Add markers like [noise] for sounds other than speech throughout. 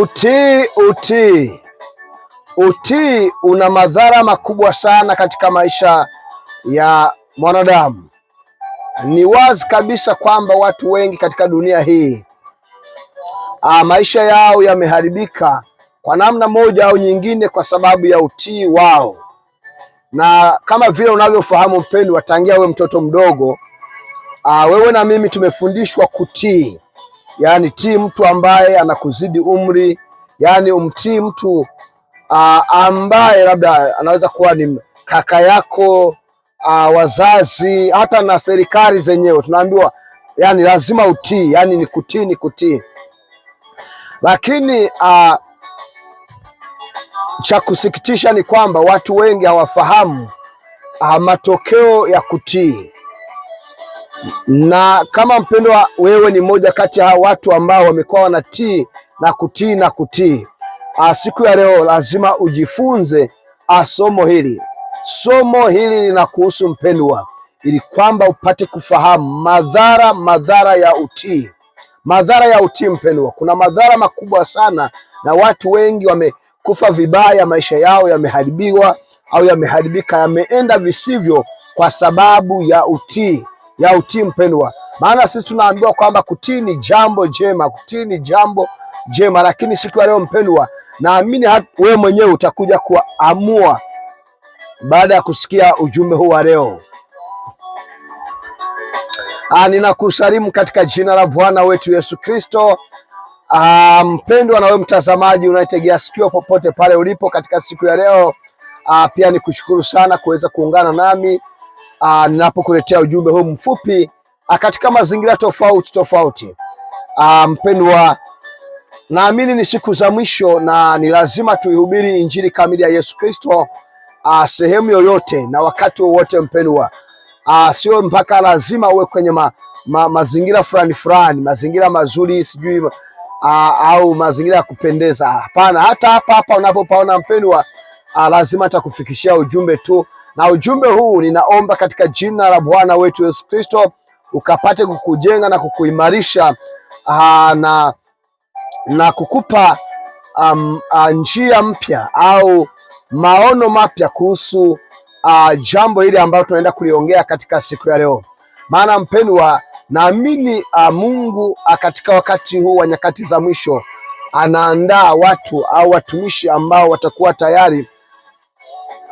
Utii, utii, utii una madhara makubwa sana katika maisha ya mwanadamu. Ni wazi kabisa kwamba watu wengi katika dunia hii a, ah, maisha yao yameharibika kwa namna moja au nyingine kwa sababu ya utii wao, na kama vile unavyofahamu mpendwa, tangia wewe mtoto mdogo a, ah, wewe na mimi tumefundishwa kutii yaani tii mtu ambaye anakuzidi umri, yaani umtii mtu uh, ambaye labda anaweza kuwa ni kaka yako uh, wazazi, hata na serikali zenyewe tunaambiwa yani lazima utii, yani ni kutii, ni kutii. Lakini uh, cha kusikitisha ni kwamba watu wengi hawafahamu uh, matokeo ya kutii na kama mpendwa, wewe ni mmoja kati ya watu ambao wamekuwa wanatii na kutii na kutii, ah, siku ya leo lazima ujifunze ah, somo hili. Somo hili linakuhusu mpendwa, ili kwamba upate kufahamu madhara madhara ya utii, madhara ya utii. Mpendwa, kuna madhara makubwa sana, na watu wengi wamekufa vibaya, maisha yao yameharibiwa au yameharibika, yameenda visivyo kwa sababu ya utii ya utii mpendwa, maana sisi tunaambiwa kwamba kutii ni jambo jema, kutii ni jambo jema. Lakini siku ya leo mpendwa, naamini wewe mwenyewe utakuja kuamua baada ya kusikia ujumbe huu wa leo. Ah, ninakusalimu katika jina la Bwana wetu Yesu Kristo. Ah, mpendwa, na wewe mtazamaji unayetegea sikio popote pale ulipo katika siku ya leo. Ah, pia nikushukuru sana kuweza kuungana nami Ah, ninapokuletea ujumbe huu mfupi ah, katika mazingira tofauti tofauti. Ah, mpendwa, naamini ni siku za mwisho na ni lazima tuihubiri injili kamili ya Yesu Kristo sehemu yoyote na wakati wowote. Mpendwa, sio mpaka lazima uwe kwenye ma, ma, mazingira fulani fulani, mazingira mazuri sijui Aa, au mazingira ya kupendeza hapana. Hata hapa hapa unapopaona mpendwa, lazima atakufikishia ujumbe tu. Na ujumbe huu ninaomba katika jina la Bwana wetu Yesu Kristo ukapate kukujenga na kukuimarisha ah, na, na kukupa um, ah, njia mpya au maono mapya kuhusu uh, jambo hili ambalo tunaenda kuliongea katika siku ya leo. Maana mpendwa, naamini uh, Mungu uh, katika wakati huu wa nyakati za mwisho anaandaa watu au uh, watumishi ambao watakuwa tayari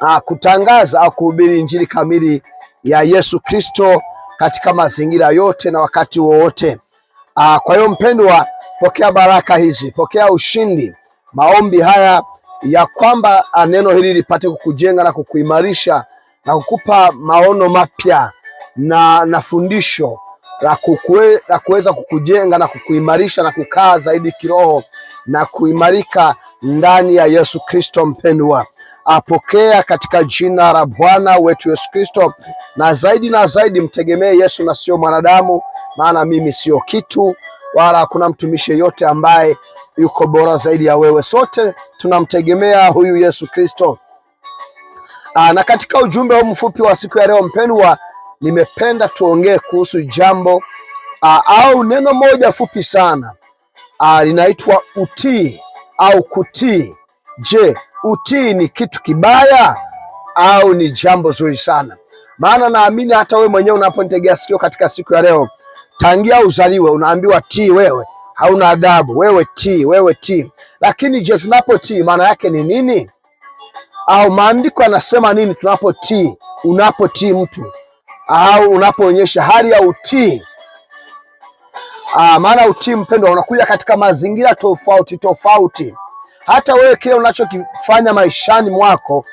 a, kutangaza au kuhubiri injili kamili ya Yesu Kristo katika mazingira yote na wakati wowote. Ah, kwa hiyo mpendwa, pokea baraka hizi, pokea ushindi, maombi haya ya kwamba ah, neno hili lipate kukujenga na kukuimarisha na kukupa maono mapya na, na fundisho la kuweza kukujenga na kukuimarisha na kukaa zaidi kiroho na kuimarika ndani ya Yesu Kristo. Mpendwa, apokea katika jina la Bwana wetu Yesu Kristo, na zaidi na zaidi mtegemee Yesu na sio mwanadamu, maana mimi sio kitu wala hakuna mtumishi yeyote ambaye yuko bora zaidi ya wewe. Sote tunamtegemea huyu Yesu Kristo. Aa, ah, na katika ujumbe huu mfupi wa siku ya leo mpendwa, nimependa tuongee kuhusu jambo aa, ah, au neno moja fupi sana ah, linaitwa utii au kutii. Je, utii ni kitu kibaya au ni jambo zuri sana? Maana naamini hata wewe mwenyewe unaponitegea sikio katika siku ya leo, tangia uzaliwe unaambiwa tii, wewe hauna adabu, wewe tii, wewe tii. Lakini je, tunapotii maana yake ni nini? Au maandiko yanasema nini tunapotii? Unapotii mtu au unapoonyesha hali ya utii Ah, maana utii mpendwa unakuja katika mazingira tofauti tofauti. Hata wewe kile unachokifanya maishani mwako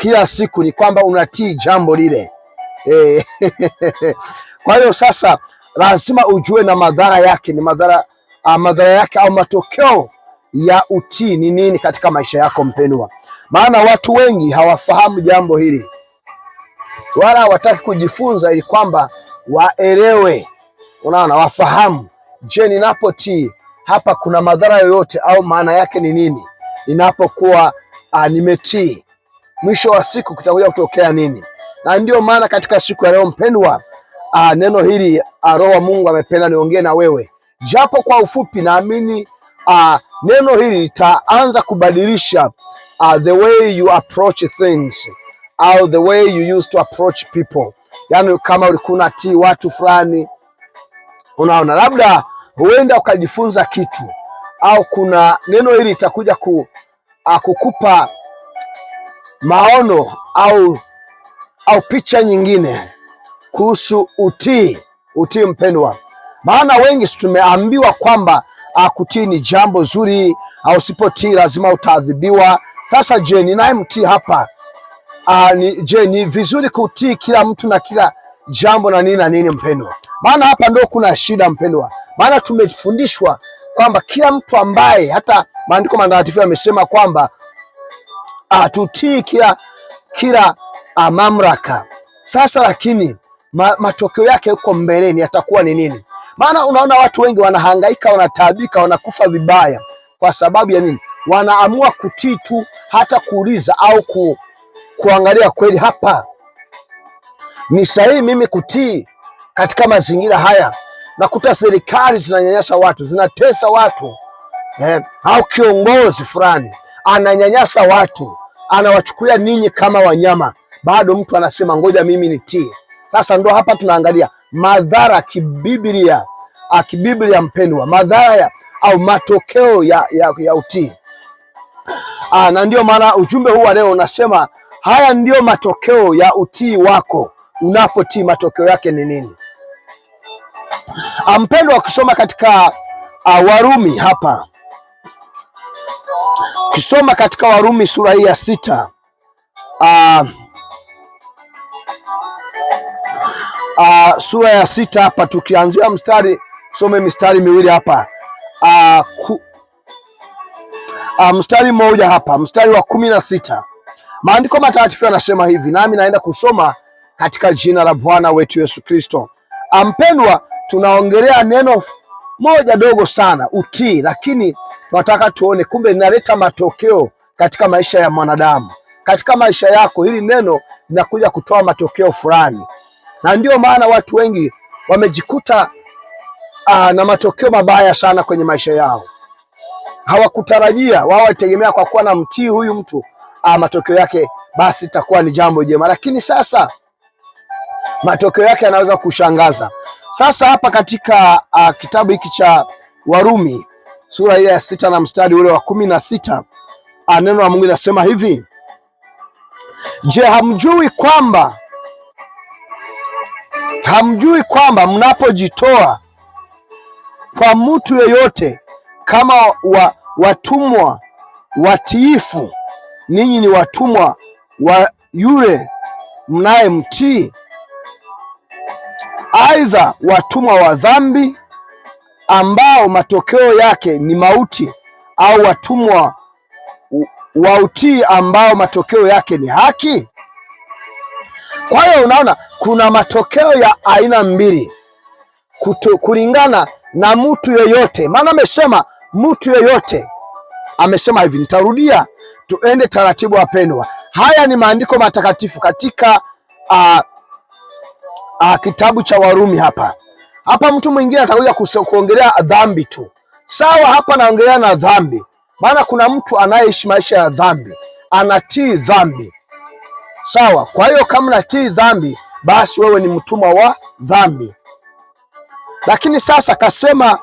kila siku ni kwamba unatii jambo lile e. [laughs] Kwa hiyo sasa lazima ujue na madhara yake ni madhara, ah, madhara yake au matokeo ya utii ni nini katika maisha yako mpendwa. Maana watu wengi hawafahamu jambo hili wala hawataki kujifunza ili kwamba waelewe, unaona, wafahamu Je, ninapotii hapa kuna madhara yoyote au maana yake ni nini? Ninapokuwa ah, nimetii, mwisho wa siku kutakuja kutokea nini? Na ndiyo maana katika siku ya leo mpendwa, a, ah, neno hili ah, Roho wa Mungu amependa niongee na wewe japo kwa ufupi. Naamini neno hili litaanza kubadilisha uh, the way you approach things au the way you used to approach people, yaani kama ulikuwa unatii watu fulani Unaona, labda huenda ukajifunza kitu au kuna neno hili litakuja ku, ah, kukupa maono au, au picha nyingine kuhusu utii. Utii mpendwa, maana wengi tumeambiwa kwamba ah, kutii ni jambo zuri, au ah, usipotii lazima utaadhibiwa. Sasa je, ninayemtii hapa a, ni, je ni vizuri kutii kila mtu na kila jambo na nini na nini mpendwa? Maana hapa ndio kuna shida mpendwa, maana tumefundishwa kwamba kila mtu ambaye hata maandiko matakatifu yamesema kwamba atutii kila kila ah, mamlaka. Sasa lakini ma, matokeo yake huko mbeleni yatakuwa ni nini? Maana unaona watu wengi wanahangaika, wanataabika, wanakufa vibaya kwa sababu ya nini? Wanaamua kutii tu, hata kuuliza au ku, kuangalia kweli hapa ni sahihi mimi kutii katika mazingira haya, nakuta serikali zinanyanyasa watu, zinatesa watu eh, au kiongozi fulani ananyanyasa watu, anawachukulia ninyi kama wanyama, bado mtu anasema ngoja mimi nitii. Sasa ndo hapa tunaangalia madhara kibiblia, akibiblia ah, mpendwa, madhara ya, au matokeo ya, ya, ya utii. ah, na ndio maana ujumbe huu wa leo unasema haya ndiyo matokeo ya utii wako. Unapotii matokeo yake ni nini? Ah, mpendwa, kusoma katika uh, Warumi hapa, kisoma katika Warumi sura hii ya sita uh, uh, sura ya sita hapa tukianzia mstari, some mistari miwili hapa uh, ku, uh, mstari mmoja hapa, mstari wa kumi na sita maandiko matakatifu yanasema hivi, nami naenda kusoma katika jina la Bwana wetu Yesu Kristo. Mpendwa, tunaongelea neno moja dogo sana, utii, lakini tunataka tuone kumbe linaleta matokeo katika maisha ya mwanadamu. Katika maisha yako hili neno linakuja kutoa matokeo fulani, na ndio maana watu wengi wamejikuta aa, ah, na matokeo mabaya sana kwenye maisha yao. Hawakutarajia, wao walitegemea kwa kuwa na mtii huyu mtu aa, ah, matokeo yake basi itakuwa ni jambo jema, lakini sasa matokeo yake yanaweza kushangaza. Sasa hapa katika uh, kitabu hiki cha Warumi sura ile ya sita na mstari ule wa kumi na sita ah, neno la Mungu linasema hivi: Je, hamjui kwamba hamjui kwamba mnapojitoa kwa mtu yeyote kama wa, watumwa watiifu, ninyi ni watumwa wa yule mnayemtii, aidha watumwa wa dhambi ambao matokeo yake ni mauti, au watumwa wa utii ambao matokeo yake ni haki. Kwa hiyo unaona kuna matokeo ya aina mbili kuto, kulingana na mtu yoyote, maana amesema mtu yoyote amesema hivi. Nitarudia, tuende taratibu wapendwa. Haya ni maandiko matakatifu katika uh, a, ah, kitabu cha Warumi hapa. Hapa mtu mwingine atakuja kuongelea dhambi tu. Sawa, hapa naongelea na dhambi. Maana kuna mtu anayeishi maisha ya dhambi, anatii dhambi. Sawa, kwa hiyo kama unatii dhambi, basi wewe ni mtumwa wa dhambi. Lakini sasa kasema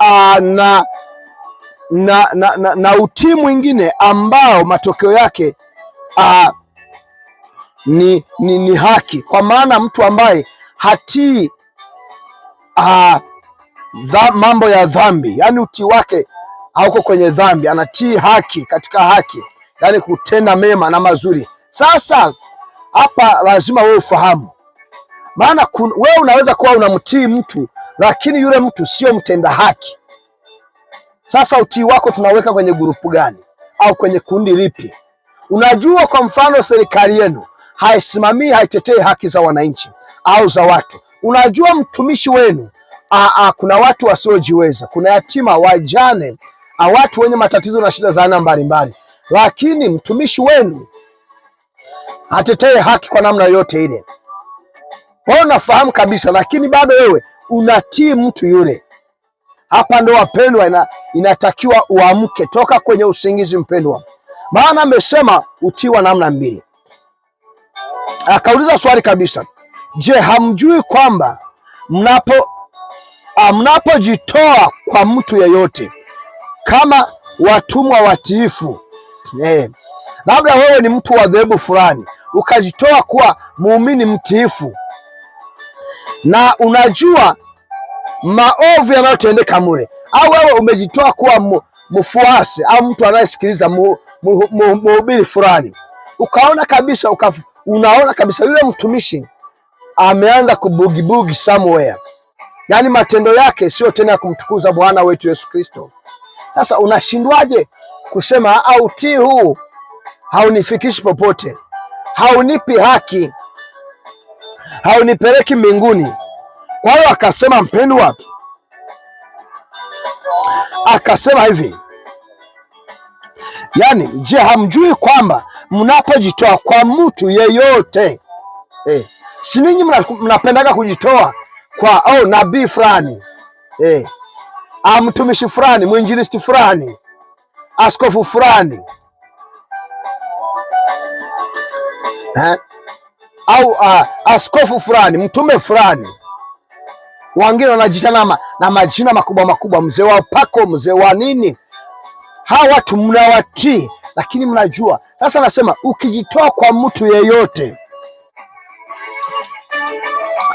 aa, ah, na, na, na, na, na utii mwingine ambao matokeo yake aa, ah, ni, ni, ni haki, kwa maana mtu ambaye hatii uh, mambo ya dhambi, yaani utii wake hauko kwenye dhambi, anatii haki katika haki, yaani kutenda mema na mazuri. Sasa hapa lazima wewe ufahamu, maana wewe unaweza kuwa unamtii mtu lakini yule mtu sio mtenda haki. Sasa utii wako tunaweka kwenye grupu gani au kwenye kundi lipi? Unajua, kwa mfano serikali yenu haisimamii haitetei haki za wananchi, au za watu. Unajua mtumishi wenu a, a, kuna watu wasiojiweza, kuna yatima, wajane, a, watu wenye matatizo na shida za aina mbalimbali, lakini mtumishi wenu hatetee haki kwa namna yote ile. Wewe unafahamu kabisa, lakini bado wewe unatii mtu yule. Hapa ndo wapendwa, ina, inatakiwa uamke toka kwenye usingizi mpendwa, maana amesema utii wa namna mbili. Akauliza swali kabisa Je, hamjui kwamba mnapo ah, mnapojitoa kwa mtu yeyote kama watumwa watiifu eh, labda wewe ni mtu wa dhehebu fulani ukajitoa kuwa muumini mtiifu, na unajua maovu yanayotendeka mule, au wewe umejitoa kuwa mfuasi au mtu anayesikiliza mhubiri fulani, ukaona kabisa ukaf, unaona kabisa yule mtumishi ameanza kubugibugi somewhere, yaani matendo yake sio tena ya kumtukuza Bwana wetu Yesu Kristo. Sasa unashindwaje kusema utii huu haunifikishi popote, haunipi haki, haunipeleki mbinguni? Kwa hiyo akasema, mpendwa, akasema hivi yaani, je, hamjui kwamba mnapojitoa kwa mtu yeyote eh, si ninyi mnapendaga kujitoa kwa au oh, nabii fulani eh, ah, mtumishi fulani, mwinjilisti fulani, askofu fulani eh, au uh, askofu fulani, mtume fulani. Wengine wanajiita na, na majina makubwa makubwa, mzee wa upako, mzee wa nini. Hawa watu mnawatii, lakini mnajua sasa. Nasema ukijitoa kwa mtu yeyote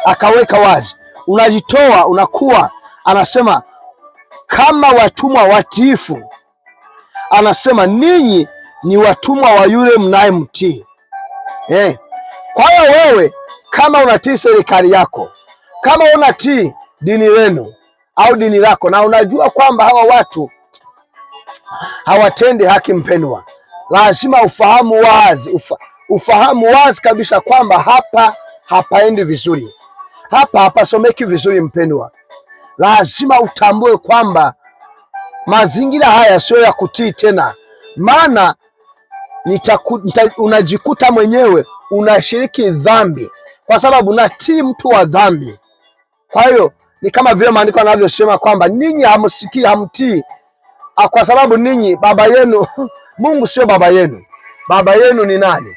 akaweka wazi, unajitoa unakuwa. Anasema kama watumwa watiifu, anasema ninyi ni watumwa wa yule mtii eh. Kwa hiyo wewe kama unatii serikali yako, kama unatii dini lenu au dini lako, na unajua kwamba hawa watu hawatendi haki, mpendwa, lazima ufahamu wazi ufa, ufahamu wazi kabisa kwamba hapa hapaendi vizuri. Hapa hapasomeki vizuri, mpendwa. Lazima utambue kwamba mazingira haya sio ya kutii tena, maana unajikuta mwenyewe unashiriki dhambi, kwa sababu unatii mtu wa dhambi. Kwa hiyo ni kama vile maandiko yanavyosema kwamba ninyi hamsikii, hamtii, ah, kwa sababu ninyi baba yenu [laughs] Mungu sio baba yenu. Baba yenu ni nani?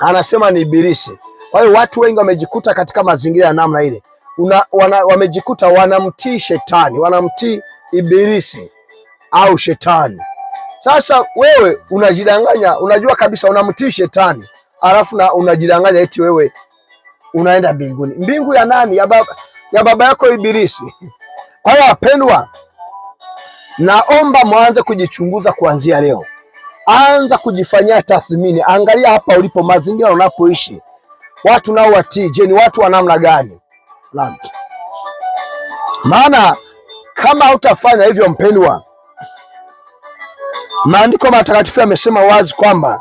Anasema ni Ibilisi. Kwa hiyo watu wengi wamejikuta katika mazingira ya namna ile, wana, wamejikuta wanamtii shetani, wanamtii ibilisi au shetani. Sasa wewe unajidanganya, unajua kabisa unamtii shetani, alafu na unajidanganya eti wewe unaenda mbinguni. Mbingu ya nani? Ya baba, ya baba yako Ibilisi. [laughs] Kwa hiyo wapendwa, naomba mwanze kujichunguza kuanzia leo. Anza kujifanyia tathmini, angalia hapa ulipo, mazingira unapoishi watu nao watii. Je, ni watu wa namna gani? Maana kama hautafanya hivyo, mpendwa, maandiko matakatifu yamesema wazi kwamba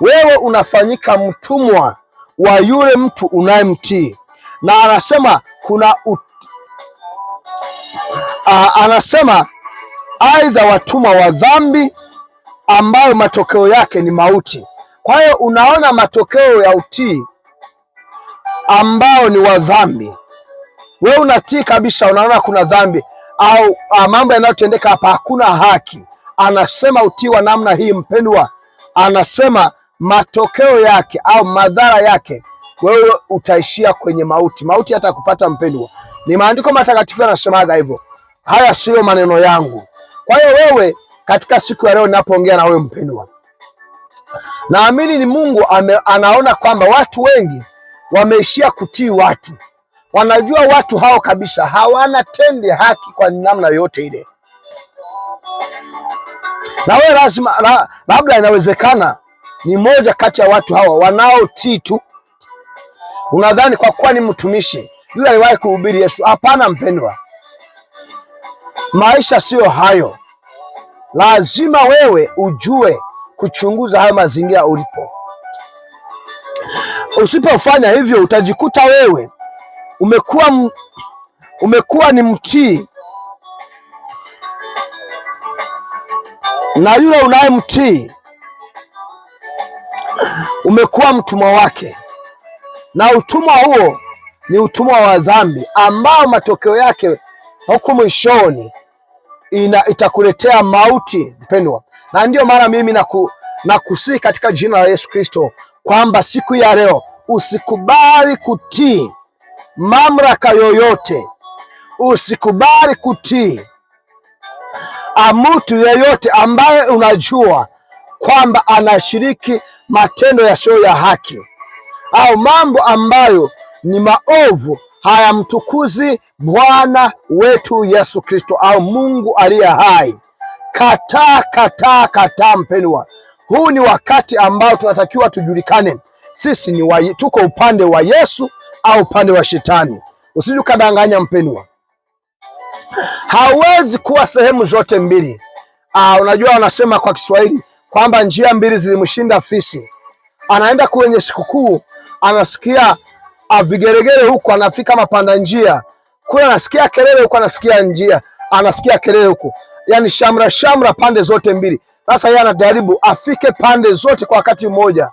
wewe unafanyika mtumwa wa yule mtu unayemtii, na anasema kuna ut... A, anasema aidha watumwa wa dhambi ambayo matokeo yake ni mauti. Kwa hiyo unaona matokeo ya utii ambao ni wa dhambi. Wewe unatii kabisa, unaona kuna dhambi au ah, mambo yanayotendeka hapa hakuna haki. Anasema utii wa namna hii, mpendwa, anasema matokeo yake au madhara yake wewe utaishia kwenye mauti. Mauti hata kupata mpendwa, ni maandiko matakatifu yanasemaga hivyo. Haya siyo maneno yangu. Kwa hiyo wewe, katika siku ya leo ninapoongea na wewe mpendwa, naamini ni Mungu ame, anaona kwamba watu wengi wameishia kutii watu. Wanajua watu hao kabisa hawana tende haki kwa namna yote ile, na wewe lazima la, labda inawezekana ni moja kati ya watu hawa wanaotii tu. Unadhani kwa kuwa ni mtumishi yule aliwahi kuhubiri Yesu? Hapana mpendwa, maisha siyo hayo. Lazima wewe ujue kuchunguza hayo mazingira ulipo. Usipofanya hivyo utajikuta wewe umekuwa umekuwa ni mtii, na yule unaye mtii umekuwa mtumwa wake, na utumwa huo ni utumwa wa dhambi ambao matokeo yake huku mwishoni ina itakuletea mauti, mpendwa. Na ndiyo maana mimi naku kusii katika jina la Yesu Kristo kwamba siku ya leo usikubali kutii mamlaka yoyote, usikubali kutii amutu yoyote ambaye unajua kwamba anashiriki matendo yasiyo ya haki au mambo ambayo ni maovu hayamtukuzi Bwana wetu Yesu Kristo au Mungu aliye hai. Kataa, kataa, kataa mpendwa. Huu ni wakati ambao tunatakiwa tujulikane sisi ni wa, tuko upande wa Yesu au upande wa Shetani. Usije ukadanganya mpendwa, hauwezi kuwa sehemu zote mbili. Aa, ah, unajua wanasema kwa Kiswahili kwamba njia mbili zilimshinda fisi. Anaenda kwenye sikukuu anasikia ah, vigeregere huku, anafika mapanda njia kule, anasikia kelele huku, anasikia njia, anasikia kelele huku yani shamra shamra pande zote mbili. Sasa yeye anajaribu afike pande zote kwa wakati mmoja,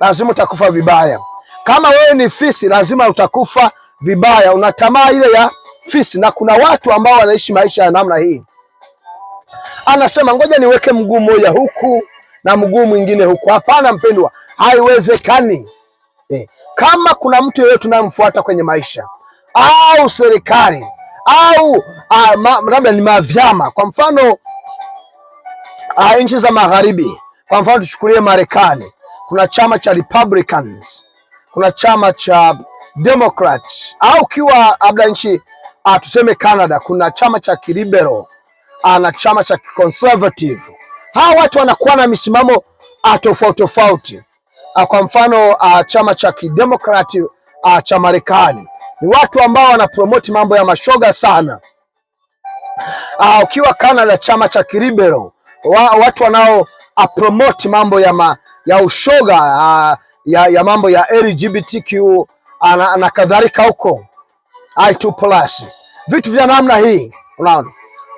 lazima utakufa vibaya. Kama wewe ni fisi, lazima utakufa vibaya. Una tamaa ile ya fisi, na kuna watu ambao wanaishi maisha ya namna hii. Anasema ngoja niweke mguu mmoja huku na mguu mwingine huku. Hapana mpendwa, haiwezekani. Eh, kama kuna mtu yeyote tunayemfuata kwenye maisha au serikali au ah, labda ni mavyama. Kwa mfano ah, nchi za magharibi, kwa mfano tuchukulie Marekani, kuna chama cha Republicans, kuna chama cha Democrats, au kiwa labda nchi ah, tuseme Canada, kuna chama cha kiliberal na chama cha conservative. Hawa watu wanakuwa na misimamo tofauti tofauti. Kwa mfano chama cha kidemokrati cha Marekani ni watu ambao wanapromoti mambo ya mashoga sana. Uh, ukiwa la chama cha Kiribero wa, watu wanao promote mambo ya, ma, ya ushoga ah, ya, ya mambo ya LGBTQ ah, na, na kadhalika huko I2+, vitu vya namna hii unaona.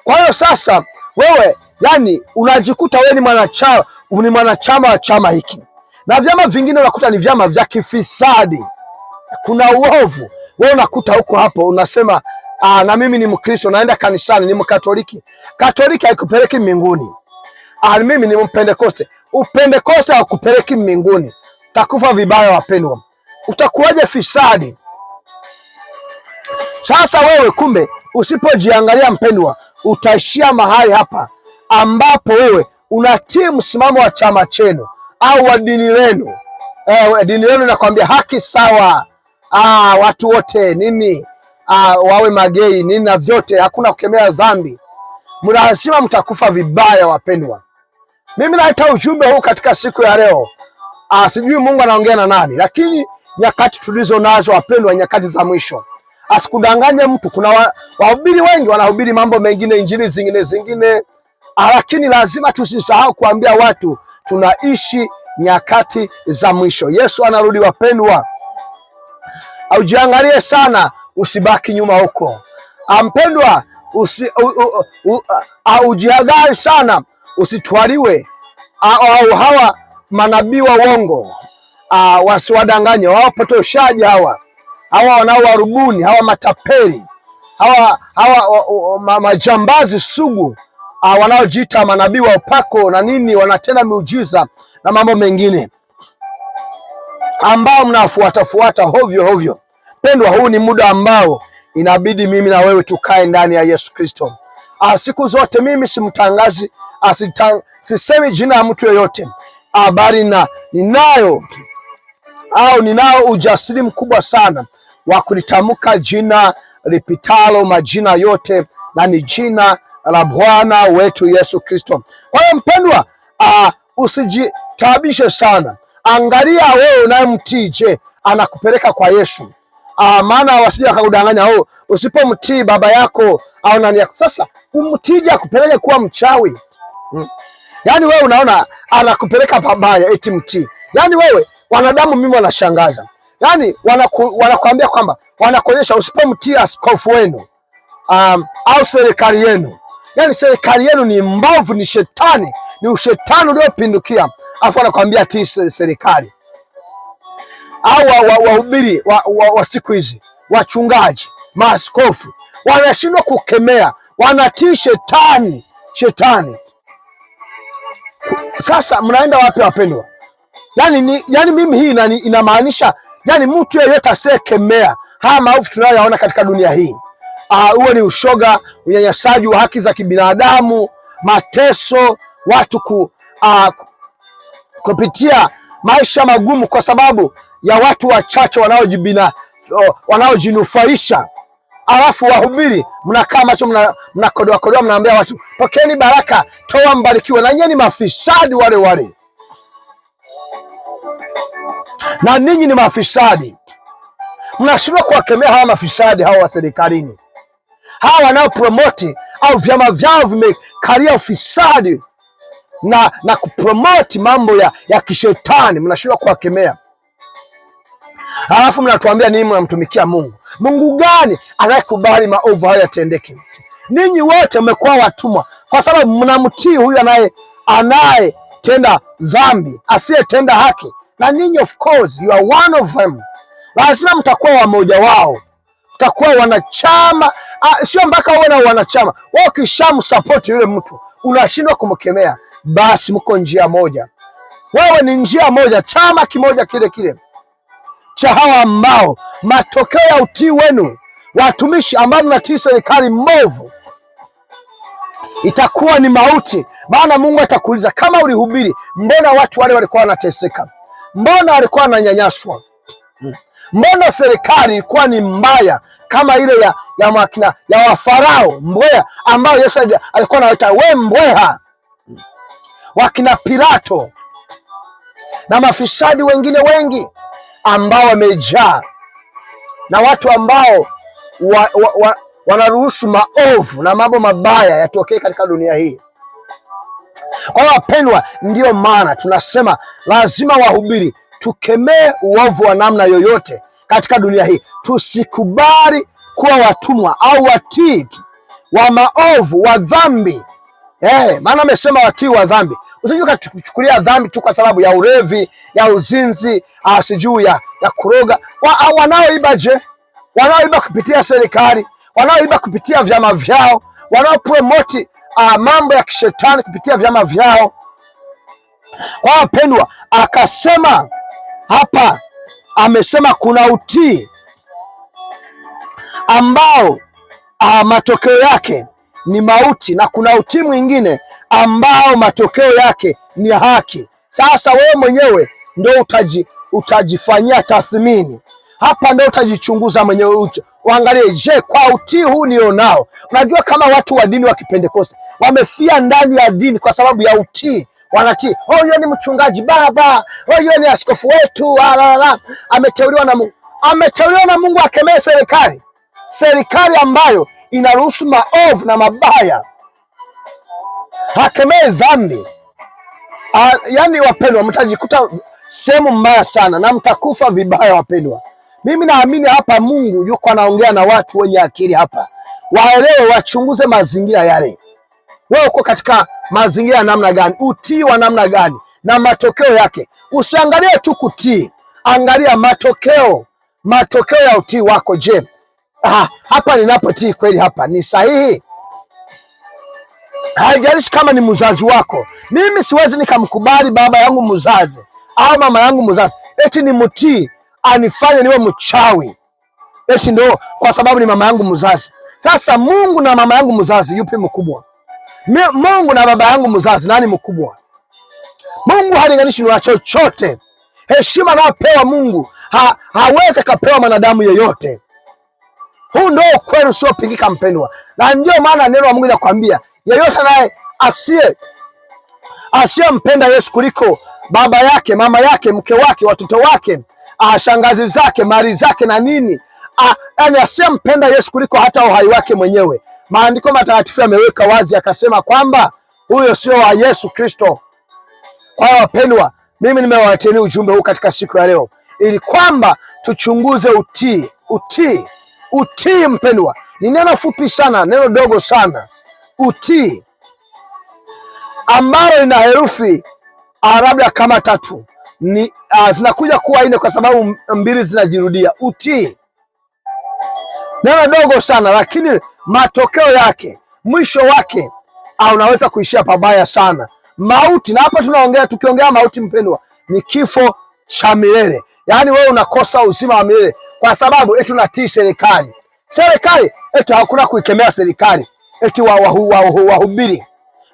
Kwa hiyo sasa wewe yani unajikuta wewe ni mwanachama ni mwanachama wa chama hiki, na vyama vingine unakuta ni vyama vya kifisadi, kuna uovu wewe unakuta huko hapo unasema ah, na mimi ni Mkristo naenda kanisani, ni Mkatoliki. Katoliki haikupeleki mbinguni. Ah, mimi ni Mpendekoste. Upendekoste haukupeleki mbinguni. Takufa vibaya wapendwa. Utakuwaje fisadi? Sasa wewe kumbe usipojiangalia mpendwa, utaishia mahali hapa ambapo wewe unatii msimamo wa chama chenu au wa dini lenu. Eh, dini lenu nakwambia haki sawa aa, ah, watu wote nini aa, ah, wawe magei nini na vyote, hakuna kukemea dhambi. mlazima mtakufa vibaya, wapendwa. Mimi naleta ujumbe huu katika siku ya leo. Aa, ah, sijui Mungu anaongea na nani, lakini nyakati tulizo nazo wapendwa, nyakati za mwisho Asikudanganye mtu. Kuna wahubiri wengi wanahubiri mambo mengine, injili zingine zingine, lakini lazima tusisahau kuambia watu tunaishi nyakati za mwisho. Yesu anarudi wapendwa aujiangalie sana, usibaki nyuma huko. Ampendwa, ah, ujihadhari ah, sana, usitwaliwe ah, au hawa manabii wa uongo wasiwadanganye, wawapotoshaji hawa hawa wanaowarubuni hawa matapeli hawa hawa majambazi sugu wanaojiita manabii wa upako na nini, wanatenda miujiza na mambo mengine ambao mnafuatafuata hovyo hovyo. Pendwa, huu ni muda ambao inabidi mimi na wewe tukae ndani ya Yesu Kristo. Ah, siku zote mimi simtangazi, asitang, ah, sisemi jina ya mtu yoyote habari na ninayo au ninao ujasiri mkubwa sana wa kulitamka jina lipitalo majina yote, na ni jina la Bwana wetu Yesu Kristo. Kwa hiyo mpendwa, ah, usijitabishe sana. Angalia wewe unayemtii, je, anakupeleka kwa Yesu? Ah, maana wasije wakakudanganya oh, usipomtii baba yako au nani yako. Sasa umtija kupeleke kuwa mchawi hmm. Yaani wewe unaona anakupeleka pabaya eti mtii. Yaani wewe wanadamu mimi wanashangaza. Yaani wanaku, wanakuambia kwamba wanakuonyesha usipomtii askofu wenu um, au serikali yenu. Yaani serikali yenu ni mbovu, ni shetani ni ushetani uliopindukia, afu anakwambia ti serikali. Au wahubiri wa, wa, wa, wa wa siku hizi wachungaji, maaskofu wanashindwa kukemea, wanatii shetani, shetani. Sasa mnaenda wapi wapendwa? Yani, ni, yani mimi hii inamaanisha yani mtu yeyote asiyekemea haya maovu tunayoyaona katika dunia hii ah, huo, uh, ni ushoga, unyanyasaji wa haki za kibinadamu, mateso watu ku, uh, kupitia maisha magumu kwa sababu ya watu wachache wanaojibina oh, wanaojinufaisha, alafu wahubiri mnakaa macho mnakodoa kodoa, mnaambia watu pokeeni baraka, toa mbarikiwe, na nyinyi ni mafisadi wale wale, na ninyi ni mafisadi. Mnashindwa kuwakemea hawa mafisadi hawa wa serikalini, hawa wanaopromoti au vyama vyao vimekalia ufisadi na, na kupromoti mambo ya, ya kishetani, mnashindwa kuwakemea. Alafu mnatuambia ninyi mnamtumikia Mungu. Mungu gani anayekubali maovu hayo yatendeke? Ninyi wote mmekuwa watumwa, kwa sababu mnamtii huyu anaye anayetenda dhambi, asiyetenda haki, na ninyi of course you are one of them. Lazima mtakuwa wamoja wao, takuwa wanachama. Ah, sio mpaka uwe na wanachama wao, kishamsapoti yule mtu unashindwa kumkemea basi mko njia moja, wewe ni njia moja, chama kimoja kile kile cha hawa ambao matokeo ya utii wenu watumishi ambao mnatii serikali mbovu itakuwa ni mauti. Maana Mungu atakuuliza kama ulihubiri, mbona watu wale walikuwa wanateseka? Mbona walikuwa wananyanyaswa? Mbona serikali ilikuwa ni mbaya kama ile ya, ya, makina, ya wafarao mbweha, ambayo Yesu alikuwa anawaita we mbweha wakina Pilato na mafisadi wengine wengi ambao wamejaa na watu ambao wa, wa, wa, wanaruhusu maovu na mambo mabaya yatokee katika dunia hii. Kwa hiyo wapendwa, ndiyo maana tunasema lazima wahubiri tukemee uovu wa namna yoyote katika dunia hii. Tusikubali kuwa watumwa au watii wa maovu, wa dhambi Eh, maana amesema watii wa dhambi. Usijui kachukulia dhambi tu kwa sababu ya ulevi, ya uzinzi, ah, sijui ya, ya kuroga. Wa, ah, wanaoiba je? Wanaoiba kupitia serikali, wanaoiba kupitia vyama vyao, wanaopromote uh, mambo ya kishetani kupitia vyama vyao. Kwa wapendwa, akasema hapa amesema kuna utii ambao uh, matokeo yake ni mauti na kuna utii mwingine ambao matokeo yake ni haki. Sasa wewe mwenyewe ndio utaji, utajifanyia tathmini hapa, ndio utajichunguza mwenyewe, uangalie, je, kwa utii huu nionao. Unajua, kama watu wa dini wa Kipentekoste wamefia ndani ya dini kwa sababu ya utii wanatii oh, huyo ni mchungaji baba, oh, huyo ni askofu wetu, alala, ameteuliwa na Mungu. Ameteuliwa na Mungu akemee serikali, serikali ambayo inaruhusu maovu na mabaya, hakemee dhambi. Yaani wapendwa, mtajikuta sehemu mbaya sana na mtakufa vibaya wapendwa. Mimi naamini hapa Mungu yuko anaongea na watu wenye akili hapa, waelewe, wachunguze mazingira yale. Wewe uko katika mazingira ya namna gani? Utii wa namna gani? na matokeo yake. Usiangalie tu kutii, angalia matokeo, matokeo ya utii wako. Je, Ah, hapa ninapotii kweli hapa ni sahihi. Haijalishi kama ni mzazi wako. Mimi siwezi nikamkubali baba yangu mzazi au mama yangu mzazi eti ni mtii anifanye niwe mchawi eti ndo kwa sababu ni mama yangu mzazi. Sasa Mungu na mama yangu mzazi yupi mkubwa? Mungu na baba yangu mzazi nani mkubwa? Mungu halinganishi na chochote. Heshima anayopewa Mungu ha, hawezi kapewa mwanadamu yeyote. Huu ndio ukweli usiopingika mpendwa, na ndio maana neno la Mungu linakwambia yeyote naye asiye asiyempenda Yesu kuliko baba yake, mama yake, mke wake, watoto wake, shangazi zake, mali zake na nini, yaani asiyempenda Yesu kuliko hata uhai wake mwenyewe, maandiko matakatifu yameweka wazi, akasema kwamba huyo sio wa Yesu Kristo. Kwa hiyo wapendwa, mimi nimewaleteni ujumbe huu katika siku ya leo ili kwamba tuchunguze utii, utii Utii, mpendwa, ni neno fupi sana, neno dogo sana, utii, ambalo lina herufi labda kama tatu ni uh, zinakuja kuwa nne kwa sababu mbili zinajirudia. Utii, neno dogo sana, lakini matokeo yake, mwisho wake ah, unaweza kuishia pabaya sana, mauti. Na hapa tunaongea, tukiongea mauti, mpendwa, ni kifo cha milele, yaani wewe unakosa uzima wa milele kwa sababu eti unatii serikali. Serikali eti hakuna kuikemea serikali, eti wahubiri.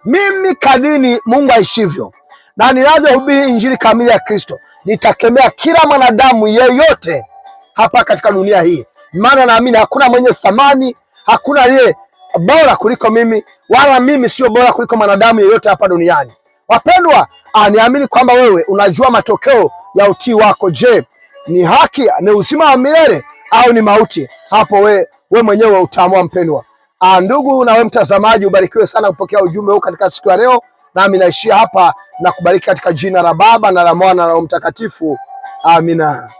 Mimi kadini Mungu aishivyo na ninazohubiri injili kamili ya Kristo, nitakemea kila mwanadamu yeyote hapa katika dunia hii, maana naamini hakuna mwenye thamani, hakuna aliye bora kuliko mimi, wala mimi sio bora kuliko mwanadamu yeyote hapa duniani. Wapendwa, ah, niamini kwamba wewe unajua matokeo ya utii wako. Je, ni haki, ni uzima wa milele au ni mauti? Hapo we, we mwenyewe utaamua mpendwa. Ah, ndugu na we mtazamaji, ubarikiwe sana kupokea ujumbe huu katika siku ya leo, nami naishia hapa na kubariki katika jina la Baba na la Mwana na Roho Mtakatifu. Amina.